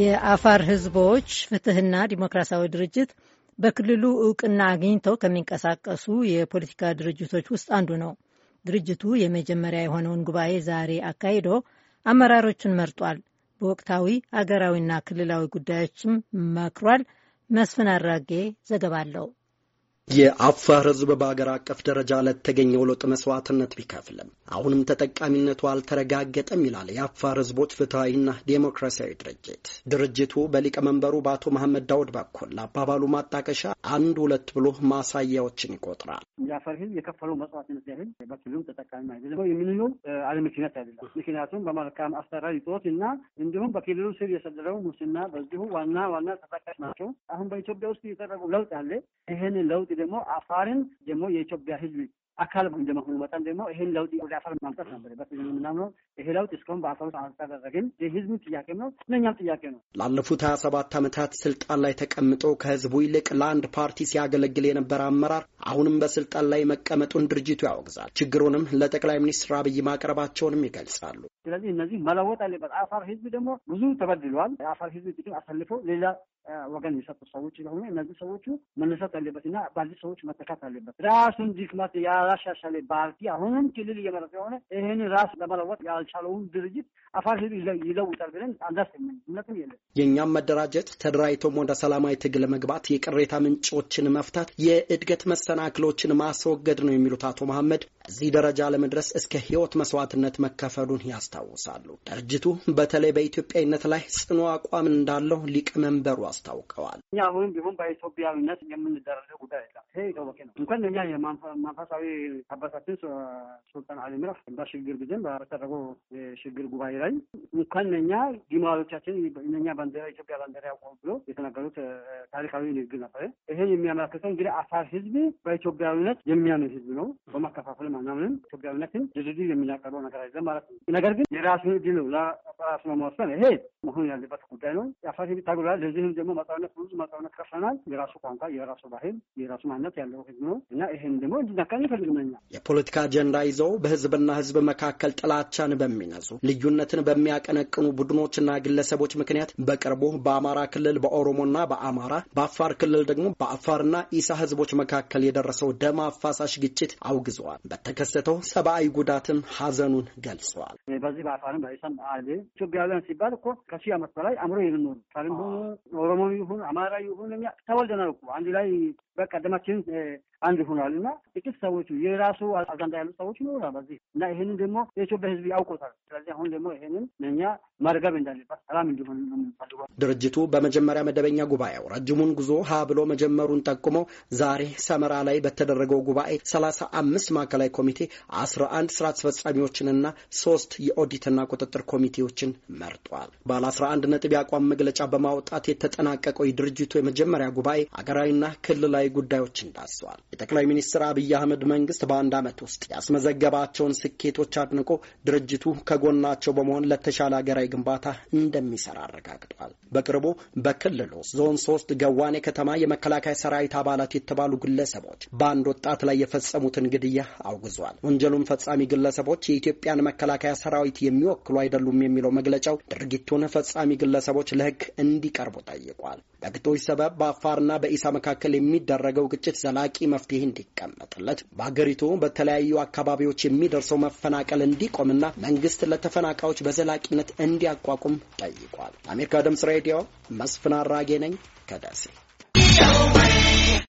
የአፋር ህዝቦች ፍትህና ዲሞክራሲያዊ ድርጅት በክልሉ እውቅና አግኝተው ከሚንቀሳቀሱ የፖለቲካ ድርጅቶች ውስጥ አንዱ ነው። ድርጅቱ የመጀመሪያ የሆነውን ጉባኤ ዛሬ አካሂዶ አመራሮችን መርጧል። በወቅታዊ አገራዊና ክልላዊ ጉዳዮችም መክሯል። መስፍን አራጌ ዘገባ አለው። የአፋር ህዝብ በአገር አቀፍ ደረጃ ለተገኘው ለውጥ መስዋዕትነት ቢከፍልም አሁንም ተጠቃሚነቱ አልተረጋገጠም ይላል የአፋር ህዝቦች ፍትሐዊና ዴሞክራሲያዊ ድርጅት። ድርጅቱ በሊቀመንበሩ በአቶ መሐመድ ዳውድ በኩል ለአባባሉ ማጣቀሻ አንድ ሁለት ብሎ ማሳያዎችን ይቆጥራል። የአፋር ህዝብ የከፈለው መስዋዕትነት ያህል በክልሉም ተጠቃሚ አይደለም የምንለው አለ ምክንያት አይደለም። ምክንያቱም በመልካም አሰራር እጦት እና እንዲሁም በክልሉ ስር የሰደረው ሙስና በዚሁ ዋና ዋና ተጠቃሽ ናቸው። አሁን በኢትዮጵያ ውስጥ የተደረገው ለውጥ አለ ይህን ለውጥ ደግሞ አፋርን ደግሞ የኢትዮጵያ ህዝብ አካል እንደመሆኑ መጠን ደግሞ ይሄን ለውጥ ወደ አፋር ማምጣት ነበረበት የምናምነው። ይሄ ለውጥ እስካሁን በአፋር ውስጥ አልተደረገም። የህዝቡ ጥያቄም ነው፣ ለእኛም ጥያቄ ነው። ላለፉት ሀያ ሰባት ዓመታት ስልጣን ላይ ተቀምጦ ከህዝቡ ይልቅ ለአንድ ፓርቲ ሲያገለግል የነበረ አመራር አሁንም በስልጣን ላይ መቀመጡን ድርጅቱ ያወግዛል። ችግሩንም ለጠቅላይ ሚኒስትር አብይ ማቅረባቸውንም ይገልጻሉ። ስለዚህ እነዚህ መለወጥ አለበት። አፋር ህዝብ ደግሞ ብዙ ተበድሏል። አፋር ህዝብ እንግዲህ አሳልፈው ሌላ ወገን የሰጡ ሰዎች ስለሆነ እነዚህ ሰዎቹ መነሳት አለበት እና በአዲስ ሰዎች መተካት አለበት። ራሱን ድክመት ያላሻሻለ ፓርቲ አሁንም ክልል እየመረጠ የሆነ ይህን ራስ ለመለወጥ ያልቻለውን ድርጅት አፋር ህዝብ ይለውጣል ብለን አንዳስመኝ እምነትም የለን። የእኛም መደራጀት ተደራጅቶም ወደ ሰላማዊ ትግል መግባት፣ የቅሬታ ምንጮችን መፍታት፣ የእድገት መሰ መሰናክሎችን ማስወገድ ነው የሚሉት አቶ መሐመድ እዚህ ደረጃ ለመድረስ እስከ ህይወት መስዋዕትነት መከፈሉን ያስታውሳሉ። ድርጅቱ በተለይ በኢትዮጵያዊነት ላይ ጽኑ አቋም እንዳለው ሊቀመንበሩ አስታውቀዋል። እኛ አሁንም ቢሆን በኢትዮጵያዊነት የምንደረገ ጉዳይ የለም። ይሄ የታወቀ ነው። እንኳን እኛ የመንፈሳዊ አባታችን ሱልጣን አሊምራ ምራህ በሽግግር ጊዜም በተደረገው የሽግግር ጉባኤ ላይ እንኳን እኛ ዲማሎቻችን እነኛ ባንዴራ ኢትዮጵያ ባንዴራ ያቆም ብሎ የተናገሩት ታሪካዊ ንግግር ነበር። ይሄ የሚያመላክተው እንግዲህ አፋር ህዝብ በኢትዮጵያዊነት የሚያምን ህዝብ ነው በማከፋፈል ምናምን ኢትዮጵያዊነትን ድርድር የምናቀርበው ነገር አይደለም ማለት ነው። ነገር ግን የራሱን እድል ነው ለራሱ መወሰን ይሄ መሆን ያለበት ጉዳይ ነው። የአፋት ታጉላል። ለዚህም ደግሞ መጣውነት ብዙ መጣውነት ከፍለናል። የራሱ ቋንቋ፣ የራሱ ባህል፣ የራሱ ማንነት ያለው ህዝብ ነው እና ይህም ደግሞ እንዲናቀ ይፈልግመኛ የፖለቲካ አጀንዳ ይዘው በህዝብና ህዝብ መካከል ጥላቻን በሚነዙ ልዩነትን በሚያቀነቅኑ ቡድኖችና ግለሰቦች ምክንያት በቅርቡ በአማራ ክልል በኦሮሞና በአማራ በአፋር ክልል ደግሞ በአፋርና ኢሳ ህዝቦች መካከል የደረሰው ደም አፋሳሽ ግጭት አውግዘዋል። ተከሰተው ሰብአዊ ጉዳትም ሀዘኑን ገልጸዋል። በዚህ በአፋርም በሰም አለ ኢትዮጵያውያን ሲባል እኮ ከሺህ ዓመት በላይ አምሮ የምንኖር ኦሮሞ ይሁን አማራ ይሁን ተወልደናል እኮ አንድ ላይ በቃ ደማችን አንድ ሆኗል እና ጥቂት ሰዎቹ የራሱ አዛንዳ ያሉ ሰዎች ይኖራል በዚህ እና ይህንን ደግሞ የኢትዮጵያ ሕዝብ ያውቆታል። ስለዚህ አሁን ደግሞ ይህንን እኛ ማርገብ እንዳለባት ሰላም እንዲሆን የምንፈልገው ድርጅቱ በመጀመሪያ መደበኛ ጉባኤው ረጅሙን ጉዞ ሀ ብሎ መጀመሩን ጠቁሞ ዛሬ ሰመራ ላይ በተደረገው ጉባኤ ሰላሳ አምስት ማዕከላዊ ኮሚቴ አስራ አንድ ስራ አስፈጻሚዎችንና ሶስት የኦዲትና ቁጥጥር ኮሚቴዎችን መርጧል። ባለ አስራ አንድ ነጥብ የአቋም መግለጫ በማውጣት የተጠናቀቀው የድርጅቱ የመጀመሪያ ጉባኤ አገራዊና ክልላዊ መሰረታዊ ጉዳዮችን ዳሰዋል። የጠቅላይ ሚኒስትር አብይ አህመድ መንግስት በአንድ ዓመት ውስጥ ያስመዘገባቸውን ስኬቶች አድንቆ ድርጅቱ ከጎናቸው በመሆን ለተሻለ ሀገራዊ ግንባታ እንደሚሰራ አረጋግጧል። በቅርቡ በክልሉ ዞን ሶስት ገዋኔ ከተማ የመከላከያ ሰራዊት አባላት የተባሉ ግለሰቦች በአንድ ወጣት ላይ የፈጸሙትን ግድያ አውግዟል። ወንጀሉን ፈጻሚ ግለሰቦች የኢትዮጵያን መከላከያ ሰራዊት የሚወክሉ አይደሉም የሚለው መግለጫው ድርጊቱን ፈጻሚ ግለሰቦች ለህግ እንዲቀርቡ ጠይቋል። በግጦሽ ሰበብ በአፋርና በኢሳ መካከል የሚደ የሚደረገው ግጭት ዘላቂ መፍትሄ እንዲቀመጥለት በሀገሪቱ በተለያዩ አካባቢዎች የሚደርሰው መፈናቀል እንዲቆምና መንግስት ለተፈናቃዮች በዘላቂነት እንዲያቋቁም ጠይቋል። ለአሜሪካ ድምጽ ሬዲዮ መስፍን አራጌ ነኝ ከደሴ።